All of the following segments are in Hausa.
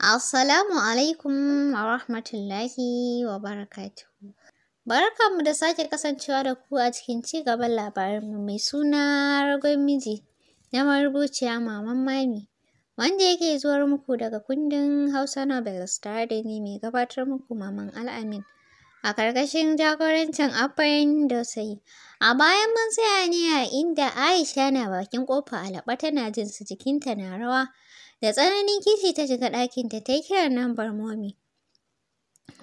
Assalamu alaikum wa rahmatullahi wa barakatuhu. Barkanmu da sake kasancewa da ku a cikin ci gaban labarinmu mai suna ragon miji na marubuciya Maman Mami, wanda yake zuwar muku daga kundin Hausa Novels tare da ni mai gabatar muku Maman Al'amin. A ƙarƙashin jagorancin Abbayan Dausayi, a bayan mun tsaya ne a inda Aisha na bakin ƙofa alaɓa tana jin su jikinta na rawa. Da tsananin kishi ta shiga ɗakinta ta yi kiran nambar momi.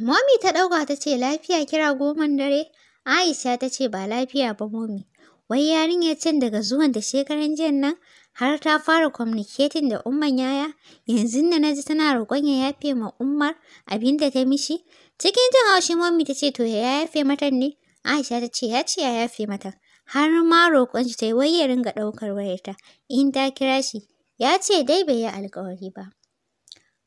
Momi ta ɗauka ta ce lafiya kira goman dare? Aisha ta ce ba lafiya ba momi. Wai yarinyar can daga zuwan da shekaran jiya nan har ta fara communicating da umman yaya yanzu da na ji tana roƙon ya yafe ma umar? abin ta mishi cikin jin haushi mommy ta ce to ya yafe mata ne aisha ta ce ya ce ya yafe mata har ma roƙon shi ta yi wai ya ringa ɗaukar wayarta in ta kira shi ya ce dai bai yi alkawari ba.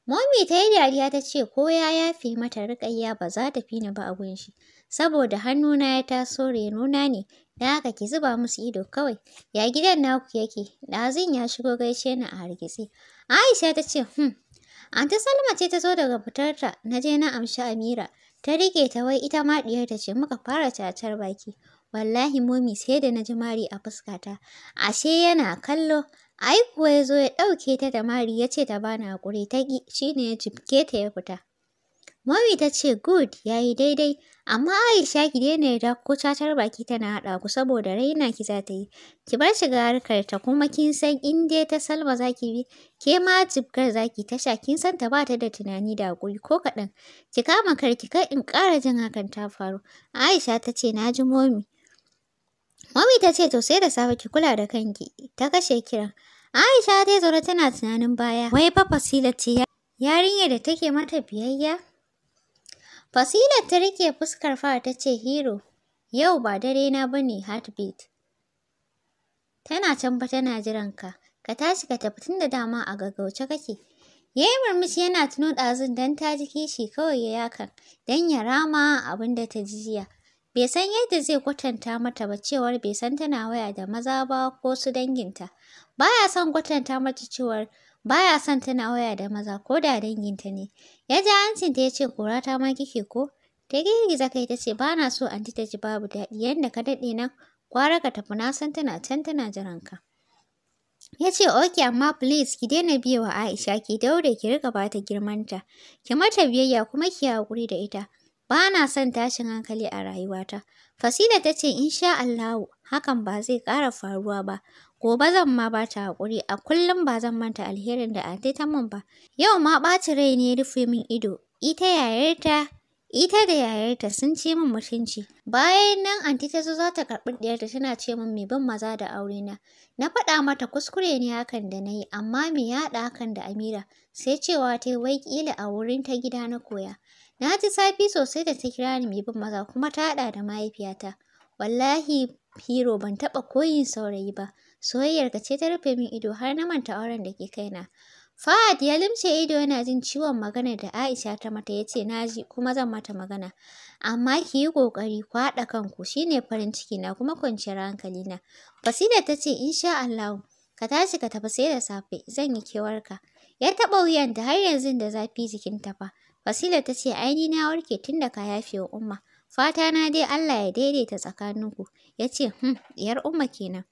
Momi ta yi dariya ta ce ko ya yafe mata riƙayya ba za ta fi ni ba a shi, saboda hannuna ya taso ya nuna ne, da haka ki zuba musu ido kawai. Ya gidan naku yake, ɗazun ya shigo gaishe ni a hargitsi. Aisha ta ce, hmm, Anta Salma ce ta zo daga fitarta, na je na amshi Amira. Ta rike ta wai ita ma ɗiyar ta ce muka fara cacar baki. Wallahi momi sai da na ji mari a fuskata. Ashe yana kallo, Ai ya zo ya ɗauke ta da mari ya ce ta bani haƙuri ta ƙi shi ne ya jibge ta ya fita. Mami ta ce good ya yi daidai amma Aisha ki daina yarda ko catar baki tana haɗa ku saboda raina ki za ta yi. Ki bar shiga harkar ta kuma kin san in dai ta salma za ki bi ke ma jibgar za ki tasha kin san ta ba ta da tunani da haƙuri ko kaɗan. Ki kama karki kar in ƙara jin hakan ta faru. Aisha ta ce na ji momi. Mami ta ce to sai da safe ki kula da kanki. Ta kashe kiran. Aisha ta zaune tana tunanin baya. Wai fa Fasila ce yarinyar da take mata biyayya? Fasila ta rike fuskar fara ta ce hero. Yau ba dare na bane heartbeat. Tana can ba tana jiran ka. Ka tashi ka tafi tun da dama a gaggauce kake. Ya yi murmushi yana tuno ɗazun don ta ji kishi kawai ya yaka. don ya rama abin da ta ji jiya. Bai san yadda zai kwatanta mata ba cewar bai san tana waya da maza ba ko su danginta. Baya son kwatanta mata cewar baya son tana waya da maza ko da danginta ne. Ya ji ta ya ce kura ta ma kike ko? Ta girgiza kai ta ce ba na so anti ta ji babu daɗi yadda ka daɗe na kwara ka tafi na san tana can tana jiran ka. Ya ce, "Oke, amma please, ki daina biyawa Aisha, ki daure ki riƙa ba ta girmanta, ki mata biyayya kuma ki haƙuri da ita, Ba na son tashin hankali a rayuwata. Fasila ta ce in sha Allahu hakan ba zai ƙara faruwa ba. Gobe zan ma ba ta haƙuri, a kullum ba zan manta alherin da ate ta mun ba. Yau ma ɓaci rai ne rufe min ido. Ita yayarta Ita da yayarta sun ce min mutunci. Bayan nan anti ta zo za ta karɓi ɗiyarta tana ce min mai ban maza da aure na. Na faɗa mata kuskure ne hakan da na yi amma me yaɗa hakan da Amira sai cewa ta wai ƙila a wurin ta gida na koya. Na ji safi sosai da ta kira ni mai bin maza kuma ta haɗa da mahaifiyata. Wallahi Hiro ban taɓa koyin saurayi ba. Soyayyarka ce ta rufe min ido har na manta auren da ke kaina. Fahad ya limce ido yana jin ciwon magana da Aisha ta mata ya ce na ji kuma zan mata magana. Amma ki yi ƙoƙari ku haɗa kanku shine farin ciki na kuma kwanciyar hankali na. Basira ta ce insha Allahu ka tashi ka tafi sai da safe zan yi kewarka. Ya taɓa wuyan wuyanta har yanzu da zafi jikinta fa. fasila ta ce, ai ni na warke tun da ka yafe wa Umma. Fata na dai Allah ya daidaita tsakaninku. Ya ce, hmm, ‘yar Umma kenan.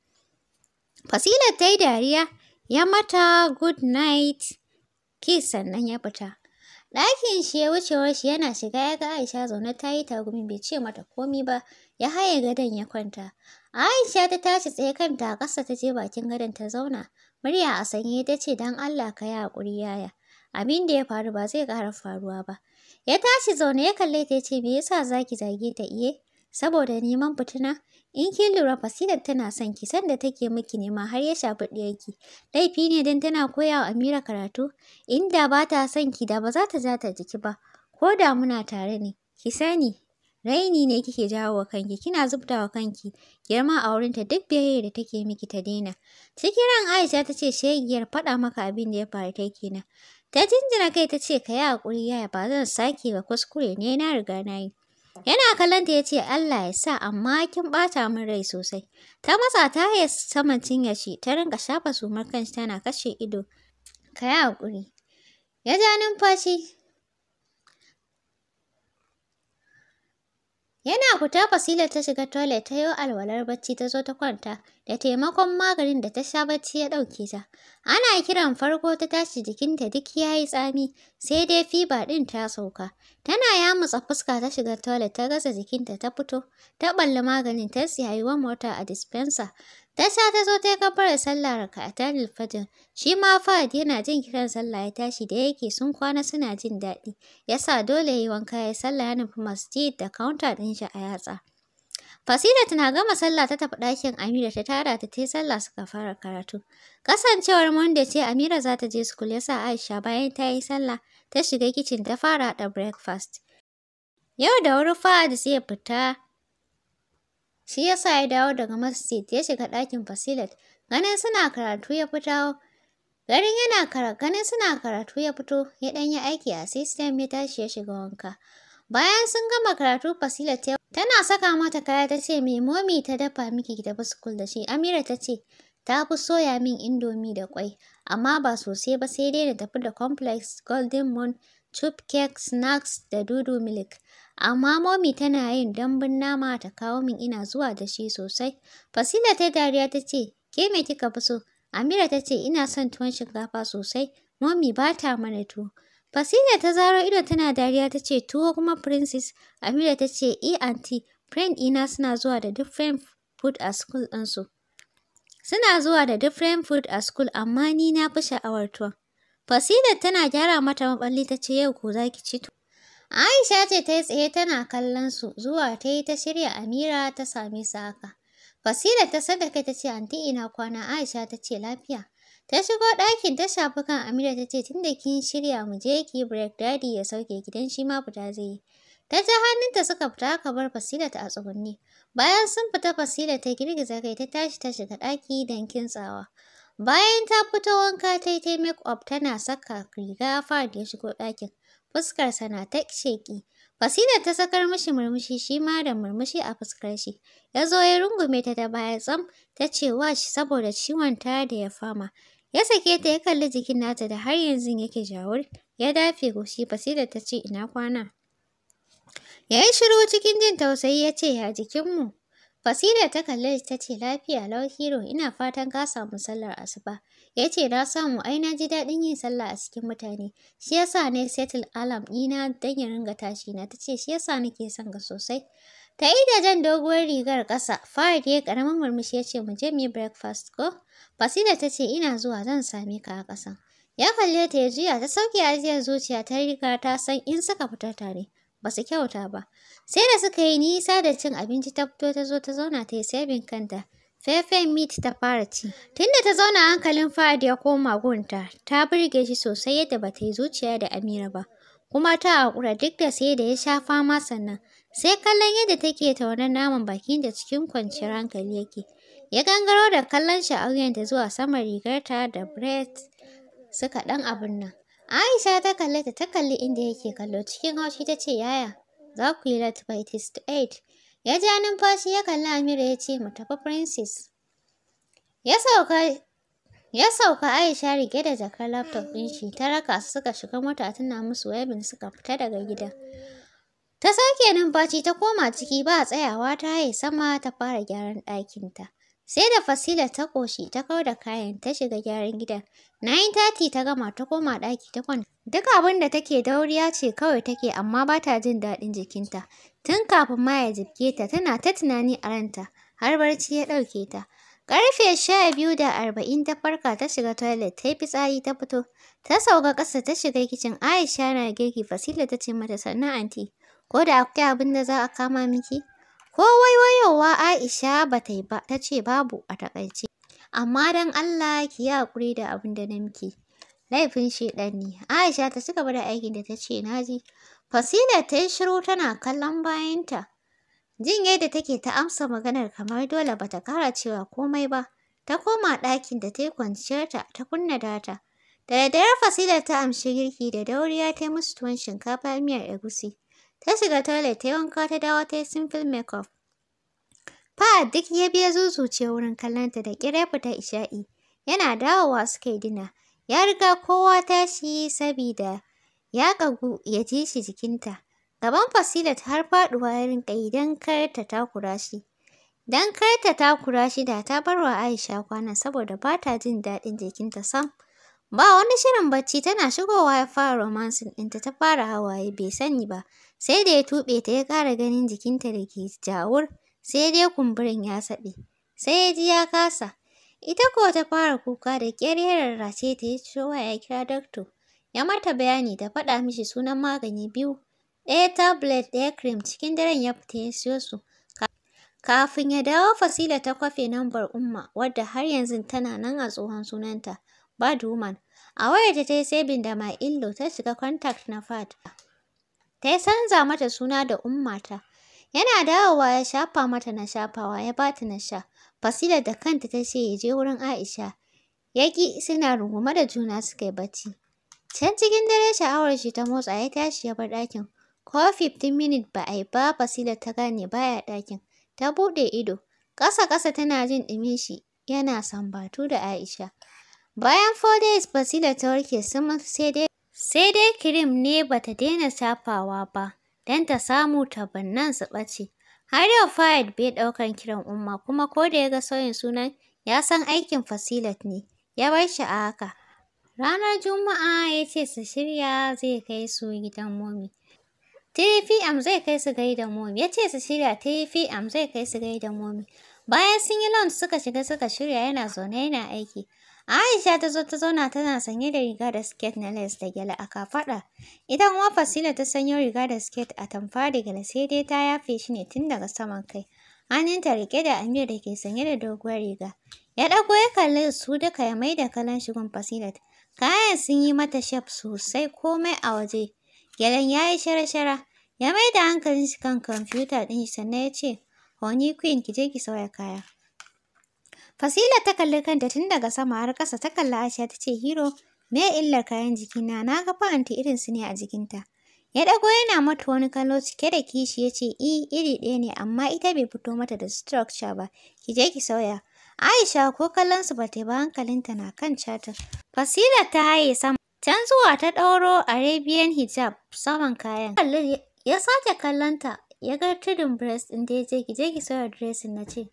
Fasila ta yi dariya, ya mata good night kiss sannan ya fita. Ɗakin shi ya wucewar shi yana shiga ya ga Aisha zaune ta yi tagumi bai ce mata komi ba, ya haye gadon ya kwanta. Aisha ta tashi tsaye kanta a ƙasa ta je bakin gadon ta zauna. Murya a sanye ta ce don Allah ka yi haƙuri yaya. abin da ya faru ba zai ƙara faruwa ba. Ya tashi zaune ya kalle ta yace ce me yasa za ki zage ta iye? Eh? Saboda neman fitina? In kin lura fasidar tana son ki sanda take miki nema har ya shafi ɗiyarki. Laifi ne don tana koya wa Amira karatu? Inda ba ta son ki da ba za ta ja ta jiki ba. Ko da muna tare ne, ki sani raini ne kike jawo wa kanki kina zubta wa kanki girma a wurinta duk biyayyar da take miki ta daina cikin ran aisha ta ce shegiyar faɗa maka abin da ya faru ta kenan Ta jinjina kai ta ce ka yi haƙuri yaya ba zan sake ba kuskure ne na riga na yi. Yana kallonta ya ce Allah ya sa amma kin ɓata min rai sosai. Ta matsa ta haye saman cinya shi ta rinka shafa sumar kanshi tana kashe ido. Ka yi haƙuri. Ya ja numfashi Yana fita Fasila ta shiga toilet ta yi alwalar bacci ta zo ta kwanta da taimakon maganin da ta sha bacci ya ɗauke ta. Ana kiran farko ta tashi jikinta duk ya yi tsami sai dai fiba ɗin ta sauka. Tana yamutsa fuska ta shiga toilet ta gaza jikinta ta fito ta ɓalla maganin ta tsiyayi wa mota a dispenser Tasha ta zo ta kabbara sallah raka a tanil Shi ma Fahad yana jin kiran sallah ya tashi da yake sun kwana suna jin daɗi. Yasa dole ya yi wanka ya sallah ya nufi masjid da kaunta ɗin shi a yatsa. Fasila tana gama sallah ta tafi ɗakin Amira ta tara ta ta sallah suka fara karatu. Kasancewar Monday ce Amira za ta je school yasa Aisha bayan ta yi sallah ta shiga kicin ta fara haɗa breakfast. Yau da wuri Fahad zai fita Shi yasa ya dawo daga masjid ya shiga ɗakin Fasilat. Ganin suna karatu ya fito. Garin yana ganin suna karatu ya fito ya ɗan yi aiki a system ya tashi ya shiga wanka. Bayan sun gama karatu Fasilat ta tana saka mata kaya ta ce me momi ta dafa miki da baskul da shi. Amira ta ce ta fi soya min indomi da kwai amma ba sosai ba sai dai na tafi da complex golden moon Chup snacks da Dodo milk. Amma momi tana yin dambun nama ta kawo min ina zuwa da shi sosai. Fasila ta dariya ta ce, ke me kika fi so? Amira ta ce, ina son tuwon shinkafa sosai. momi ba ta mana tuwo. Fasila ta zaro ido tana dariya ta ce, tuwo kuma princess. Amira ta ce, e eh, anti, friend ina suna zuwa da different food a school ɗinsu. Suna zuwa da different food a school amma ni na fi sha'awar tuwon. Fasida tana gyara mata maballi ta ce yau ko za ki ci to. Aisha ce ta yi tsaye tana kallon su zuwa ta yi ta shirya Amira ta same su haka. Fasila ta sadaka ta ce anti ina kwana Aisha ta ce lafiya. Ta shigo ɗakin ta shafi kan Amira ta ce tunda kin shirya mu je ki break daddy ya sauke gidan shi ma fita zai yi. Ta ji hannunta suka fita aka bar Fasila ta a tsugunni. Bayan sun fita Fasila ta girgiza kai ta tashi ta shiga ɗaki don kintsawa. Bayan ta fito wanka ta yi ta make up tana saka riga fara da ya shigo ɗakin. Fuskarsa na ta sheƙi. Fasina ta sakar mishi murmushi shi ma da murmushi a fuskar shi. Ya zo ya rungume ta da baya tsam ta ce wa shi saboda ciwon ta da ya fama. Ya sake ta ya kalli jikin nata da har yanzu yake jawur. Ya dafe goshi Fasina ta ce ina kwana. Ya yi shiru cikin jin tausayi ya ce ya jikinmu. Fasila ta kalli ta ce lafiya lau hero ina fatan ka samu sallar asuba. Ya ce na samu ai na ji daɗin yin sallah a cikin mutane. Shi yasa ne settle alam ɗina don ya ringa tashi na ta ce shi yasa nake son ga sosai. Ta yi da jan doguwar rigar ƙasa, Farid ya ƙaramin murmushi ya ce mu je mu yi breakfast ko? Fasila ta ce ina zuwa zan same ka a ƙasan. Ya kalli ta ya juya ta sauke ajiyar zuciya ta riga ta san in suka fita tare. ba su kyauta ba. Sai da suka yi nisa da cin abinci ta fito ta zo ta zauna ta yi sabin kanta. Fefen meat ta fara ci. Tunda ta zauna hankalin Fahad ya koma gunta, ta burge shi sosai yadda ba ta yi zuciya da Amira ba. Kuma ta haƙura duk da sai da ya sha fama sannan. Sai kallon yadda take taunar naman bakin da cikin kwanciyar hankali yake. Ya gangaro da kallon sha'awiyanta zuwa saman rigarta da Brett suka ɗan abin nan. Aisha ta kalle ta ta kalli inda yake kallo cikin haushi ta ce yaya za ku yi lati by tis to eight. Ya ja numfashi ya kalli Amira ya ce mu tafi princess. Ya sauka Aisha rike da jakar laptop ɗin shi ta raka su suka shiga mota tana musu webin suka fita daga gida. Ta sake numfashi ta koma ciki ba tsayawa ta haye sama ta fara gyaran ɗakinta. Sai da Fasila ta ƙoshi ta kau da kayan ta shiga gyaran gidan. Nayin tati ta gama ta koma ɗaki ta kwanta. Duk abin da take dauriya ce kawai take amma ba ta jin daɗin jikinta. Tun kafin ma ya jibge ta tana ta tunani a ranta har barci ya ɗauke ta. Ƙarfe sha biyu da arba'in ta farka ta shiga toilet ta yi fitsari ta fito. Ta sauka ƙasa ta shiga kicin Aisha na girki Fasila ta ce mata sannan anti ko da akwai abin da za a kama miki? Ko waiwayowa Aisha ba ta ba, ce babu a takaice. Amma don Allah ki yi haƙuri da abin da na miki. Laifin shaiɗan ne. Aisha ta cika gaba da aikin da ta ce na ji. Fasila ta yi shiru tana kallon bayanta. Jin yadda take ta amsa maganar kamar dole ba ta ƙara cewa komai ba. Ta koma ɗakin da ta yi kwanciyarta ta kunna data. Da daddare Fasila ta amshi girki da dauriya ta yi musu tuwon shinkafa miyar egusi. Ta shiga toilet ta yi wanka ta dawo ta yi simple makeup. Fahad duk ya biya zuzuce wurin kallonta da ƙira fita isha'i. Yana dawowa suka yi dina. Ya riga kowa tashi sabida ya ƙagu ya ji shi jikinta. Gaban Fasilat har faɗuwa ya rinƙa yi don kar ta takura shi. Don kar ta takura shi da ta bar wa Aisha kwana saboda ba ta jin daɗin jikinta sam. Ba wani shirin bacci tana shigowa ya fara romancing ɗinta ta fara hawaye bai sani ba. Sai da ya tuɓe ta ya ƙara ganin jikinta da ke jawur sai dai kumburin ya saɓe. Sai ya ji ya kasa. Ita ko ta fara kuka da ƙyar ya rarrace ta ya ciro waya ya kira dakto. Ya mata bayani ta faɗa mishi sunan magani biyu. Ɗaya tablet ɗaya cream cikin daren ya fita ya siyo su. Kafin ya dawo Fasila ta kwafe nambar Umma wadda har yanzu tana nan a tsohon sunanta. Bad woman. A wayarta ta yi sabin da my illo ta shiga contact na Fad. Ta yi sanza mata suna da ummata. Yana dawowa ya shafa mata na shafawa ya ba ta na sha. Fasila da kanta ta ce ya je wurin Aisha. Yaki suna rungume da juna suka yi bacci. Can cikin dare sha'awar shi ta motsa ya tashi ya bar ɗakin. Ko 15 minutes ba a yi ba Fasila ta gane baya ɗakin. Ta buɗe ido. Ƙasa-ƙasa tana jin ɗumin shi yana sambatu da Aisha. Bayan four days Basila ta warke sama sai dai sai dai kirim ne bata daina shafawa ba don ta samu tabannan su ɓace. Har yau Fayed bai ɗaukan kiran Umma kuma ko da ya ga sauyin sunan ya san aikin Fasilat ne, ya bar shi a haka. Ranar Juma'a ya ce su shirya zai kai su gidan momi. TFM zai kai su gaida momi, ya ce su shirya TFM zai kai su gaida momi. Bayan sun yi suka shiga suka shirya yana zaune yana aiki. Aisha ta zo ta zauna tana sanye da riga da siket na les da gyale a kafaɗa. Ita kuma Fasila ta sanyo riga da siket a tamfa da gyale sai dai ta yafe shi ne tun daga saman kai. Hannunta rike da Amir da ke sanye da doguwar riga. Ya ɗago ya kalli su duka ya maida kalan shigun Fasila. Kayan sun yi mata shaf sosai komai a waje. Gyalen ya yi shara-shara. Ya maida hankalin shi kan kwamfuta ɗin sannan ya ce, Honey Queen ki je ki sauya kaya. Fasila ta kalli kanta tun daga sama har ƙasa ta kalli Aisha ta ce Hiro, me illar kayan jikina na ga fa irin su ne a jikinta. Ya ɗago yana mata wani kallo cike da kishi ya ce i e, iri ɗaya ne amma ita bai fito mata da structure ba, ki je ki sauya. Aisha ko kallon su bata ba hankalinta na kan catin. Fasila ta haye sama. Can zuwa ta ɗauro Arabian hijab saman kayan. Ya sace kallonta ya ga tudun breast ɗin da ya je ki je ki sauya dressing na ce.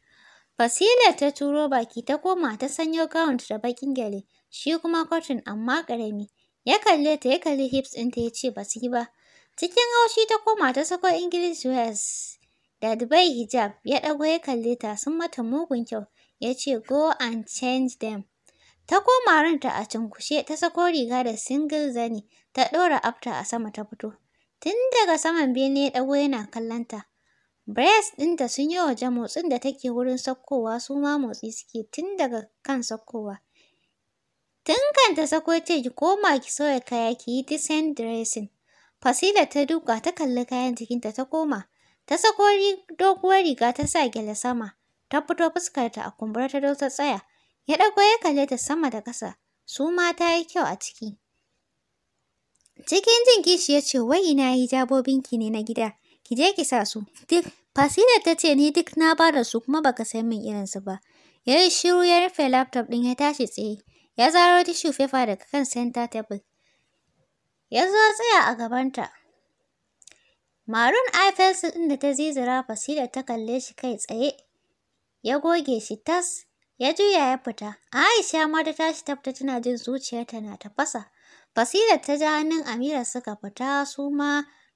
Fasila ta turo baki ta koma ta sanyo gawun da bakin gyale, shi kuma cotton amma ƙarami. Ya kalle ta ya kalli hips ta ya ce ba su yi ba. Cikin haushi ta koma ta sako English wears da Dubai hijab ya ɗago ya kalle ta sun mata mugun kyau ya ce go and change them. Ta koma ranta a cunkushe ta sako riga da single zani ta ɗora afta a sama ta fito. Tun daga saman bene ya ɗago yana kallon Brace ɗinta sun yi waje motsin da take wurin sakkowa su ma motsi suke tun daga kan sakkowa. Tun kan ta sako ce ki koma ki sauya kaya ki yi decent dressing. Fasila ta duka ta kalli kayan jikinta ta koma. Ta sako doguwar riga ta sa gyale sama. Ta fito fuskarta a kumbura ta dau ta tsaya. Ya ɗago ya kalle ta sama da ƙasa. Su ma ta yi kyau a ciki. Cikin jin kishi ya ce wai ina jabobinki ne na gida. ki je ki sa su. Duk Fasila ta ce ni duk na ba da su kuma baka san min irin su ba. Ya yi shiru ya rufe laptop ɗin ya tashi tsaye. Ya zaro tissue paper daga kan center table. Ya zo tsaya a gabanta. Marun Eiffels ɗin da ta zizira Fasila ta kalle shi kai tsaye. Ya goge shi tas. Ya juya ya fita. Aisha ma ta tashi tafta tana jin zuciyarta na tafasa. Fasila ta ja hannun Amira suka fita su ma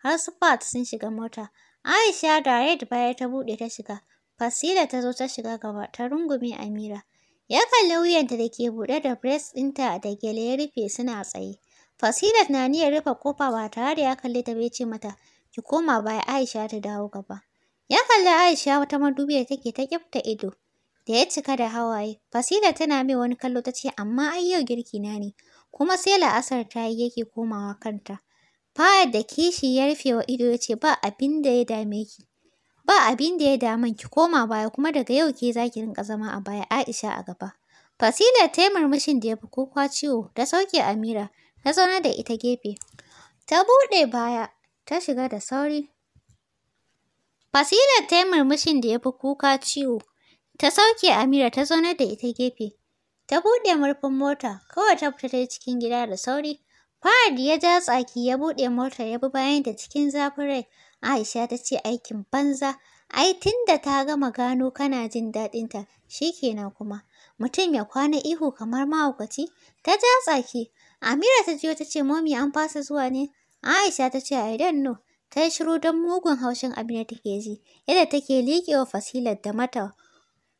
har su Fat sun shiga mota. Aisha da Red baya ta buɗe ta shiga. Fasila ta zo ta shiga gaba ta rungume Amira. Ya kalli wuyanta da ke buɗe da bres ɗinta da gele ya rufe suna tsaye. Fasilat na niyya rufe kofa ba tare da ya kalli ta bai ce mata ki koma baya Aisha ta dawo gaba. Ya kalli Aisha wata madubi take ta kyafta ido. Da ya cika da hawaye, Fasila tana mai wani kallo ta ce amma ai yau girki na ne, kuma sai la'asar ta yi yake komawa kanta. Fara da kishi ya rufe wa ido ya ce ba abin da ya dame ki. Ba abin da ya daman ki koma baya kuma daga yau ke za ki rinka zama a baya Aisha a gaba. Fasila ta yi murmushin da ya fi kuka ciwo ta sauke Amira ta zauna da ita gefe. Ta buɗe baya ta shiga da sauri. Fasila ta yi murmushin da ya fi kuka ciwo ta sauke Amira ta zauna da ita gefe. Ta buɗe murfin mota kawai ta fita ta cikin gida da sauri. Fahad ya ja tsaki ya buɗe motar ya bi bayan da cikin zafin rai. Aisha ta ce aikin banza. Ai tunda ta gama gano kana jin ta shi kenan kuma. Mutum ya kwana ihu kamar mahaukaci, ta ja tsaki. Amira ta jiyo ta ce momi an fasa zuwa ne. Aisha ta ce I don't know. Ta yi shiru don mugun haushin abin da take ji, yadda take liƙewa fasilar da mata.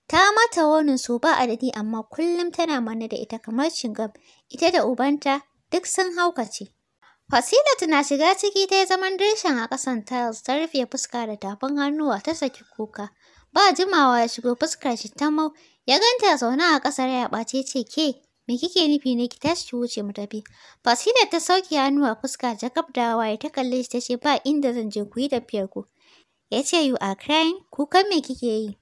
Ta mata wani su ba adadi amma kullum tana manne da ita kamar cingam. Ita da ubanta, duk sun haukace. Fasilatu na shiga ciki ta yi zaman dirshan a ƙasan tiles ta rufe fuska da tafin hannuwa ta saki kuka. Ba jimawa ya shigo fuskar shi ta mau, ya ganta zaune a ƙasar ya ɓace ce ke, me kike nufi ne ki tashi ki wuce mu tafi. Fasila ta sauke hannuwa fuska jakab da waye ta kalle shi ta ce ba inda zan je ku yi tafiyar ku. Ya ce you are crying, kukan me kike yi?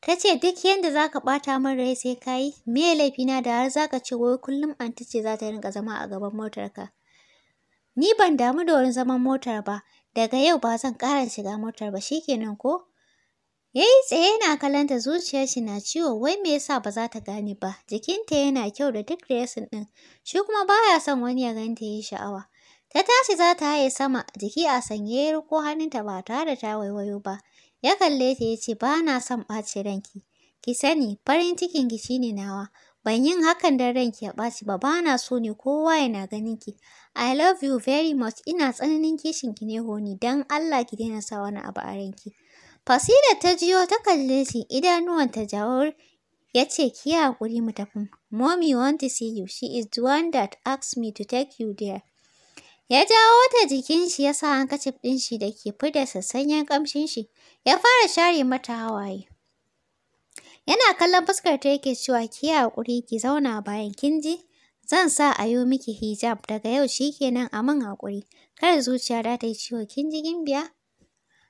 Ta ce duk yadda za ka ɓata min rai sai ka yi, me laifina da har za ka ce wai kullum anti ce za ta rinka zama a gaban motarka. Ni ban damu da wurin zaman motar ba, daga yau ba zan ƙara shiga motar ba shi shikenan ko? Ya yi tsaye yana kalanta zuciyar shi na ciwo wai me yasa ba za ta gane ba, jikinta yana kyau da duk resin ɗin, shi kuma baya son wani ya ganta ta yi sha'awa. Ta tashi za ta haye sama, jiki a sanye ya riko hannunta ba tare da ta waiwayo ba. Ya kalle ta ya ce ba na son ɓaci ranki. Ki sani farin cikin ki shine nawa. Ban yin hakan don ranki ya ɓaci ba ba na so ne kowa yana ganin ki. I love you very much ina tsananin kishin ki ne honi don Allah ki daina sa wani abu a ranki. Fasila ta jiyo ta kalle shi idanuwan ta jawar ya ce ki haƙuri mu tafi. Mommy want to see you she is the one that asked me to take you there. Ya jawo ta jikin shi ya sa hankacif ɗin shi da ke fida sassanyen ƙamshin shi, ya fara share mata hawaye. Yana kallon fuskar ta yake cewa ki haƙuri ki zauna bayan kin ji, zan sa a yi miki hijab daga yau shi kenan a mun haƙuri, kar zuciya ta ta yi ciwo kin ji gimbiya,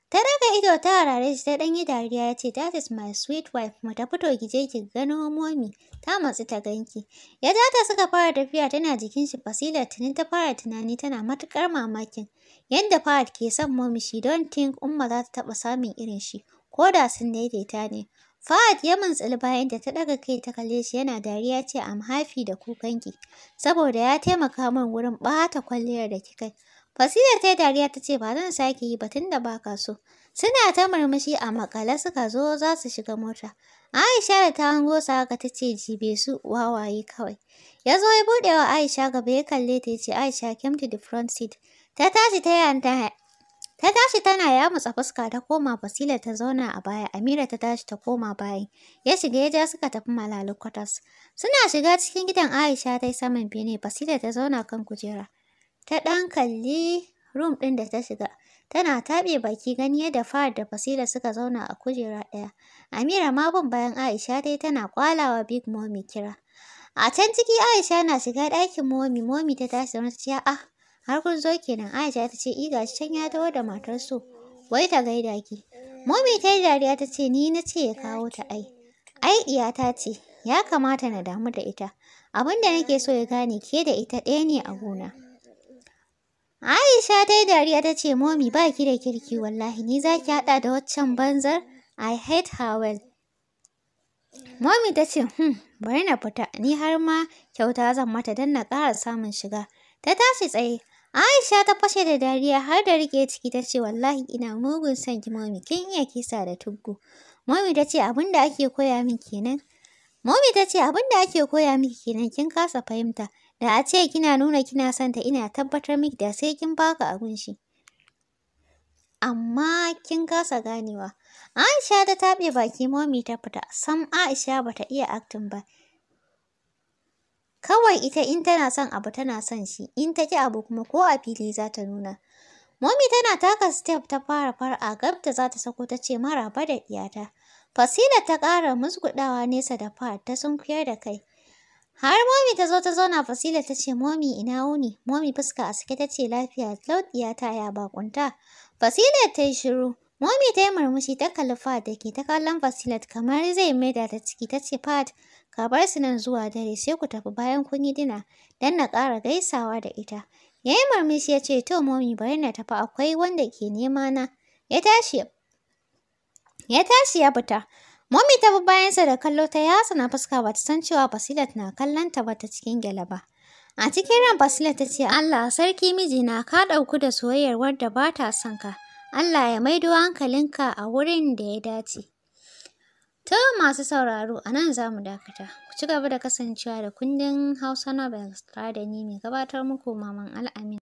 Ta daga ido ta harare shi ta ɗan yi dariya ya ce, That is my sweet wife, mu ta fito gije ki gano momi, ta matsi ta ganki. Ya za ta suka fara tafiya tana jikin shi fasila tuni ta fara tunani tana matuƙar mamakin. Yanda Fahad ke son momi shi don think Umma za ta taɓa samun irin shi, ko da sun daidaita ne. Fahad ya mintsili bayan da ta ɗaga kai ta kalle shi yana dariya ce, am happy da kukanki, saboda ya taimaka min wurin ɓata kwalliyar da kika yi. Basira ta yi dariya ta ce ba zan sake yi ba tunda ba ka so. Suna ta murmushi a makale suka zo za su shiga mota. Aisha da ta hango sa haka ta ce jibe su wawaye kawai. Ya zo ya buɗe wa Aisha gaba ya kalle ta ce Aisha came to the front seat. Ta tashi ta yanta Ta tashi tana yamu fuska ta koma Basila ta zauna a baya, Amira ta tashi ta koma bayan Ya shiga ya ja suka tafi malalu kwatas. Suna shiga cikin gidan Aisha ta yi saman bene, Basila ta zauna kan kujera. Ta ɗan kalli rum ɗin da ta shiga. Tana taɓe baki gani yadda Fahad da Fasila suka zauna a kujera ɗaya. Amira ma bin bayan Aisha dai tana kwalawa Big Mommy kira. A can ciki Aisha na shiga ɗakin Mommy, Mommy ta tashi da ta ce ah har kun zo kenan Aisha ta ce iga can ya dawo da matar su. Wai ta gaida ki. Mommy ta yi dariya ta ce ni na ce ya kawo ta ai. Ai ta ce, ya kamata na damu da ita. abinda nake so ya gane ke da ita ɗaya ne a gona. Aisha ta yi dariya ta ce, Momi ba ki da kirki wallahi, ni za ki haɗa da waccan banzar? I hate her well. Momi ta ce, hmm, bari na fita, ni har ma kyauta zan mata don na ƙara samun shiga. Ta tashi tsaye, Aisha ta fashe da dariya har da rike ciki ta ce, wallahi ina mugun son ki Momi, kin iya kisa da tuggu. Momi ta ce, abin ake koya min kenan. Momi ta ce, abin da ake koya miki kenan kin kasa fahimta. Da a ce kina nuna kina son ina tabbatar miki da sai kin baka abin shi. Amma kin kasa ganewa. Aisha ta taɓe baki momi ta fita, sam Aisha bata iya acting ba. Kawai ita in tana son abu tana son shi, in ta ki abu kuma ko a fili za ta nuna. Momi tana taka step ta fara far'a gab ta za ta sako ta ce ba da iyata. Fasila ta ƙara musgudawa nesa da fa ta sunkuyar da kai. Har momi ta zo ta zauna Fasila ta ce momi ina wuni, momi fuska a sake ta ce lafiya ya ta ya bakunta. Fasila ta yi shiru, momi ta yi murmushi ta kalli da ke ta kallon Fasilat kamar zai maida ta ciki ta ce Fahad ka bar su nan zuwa dare sai ku tafi bayan kun yi dina don na ƙara gaisawa da ita. Ya yi murmushi ya ce to momi bari na tafi akwai wanda ke nema na. Ya tashi ya tashi ya fita. Mummy ta bi bayansa da kallo ta yi na fuska ba ta san cewa Basilat na kallon ta ba ta cikin gyale ba. A cikin ran Basilat ta ce Allah sarki mijina ka ɗauku da soyayyar wadda ba ta son ka. Allah ya maido hankalinka a wurin da ya dace. Ta masu sauraro a nan za mu dakata. Ku ci gaba da kasancewa da kundin Hausa Nobel tare da ni mai gabatar muku Maman Al'amin.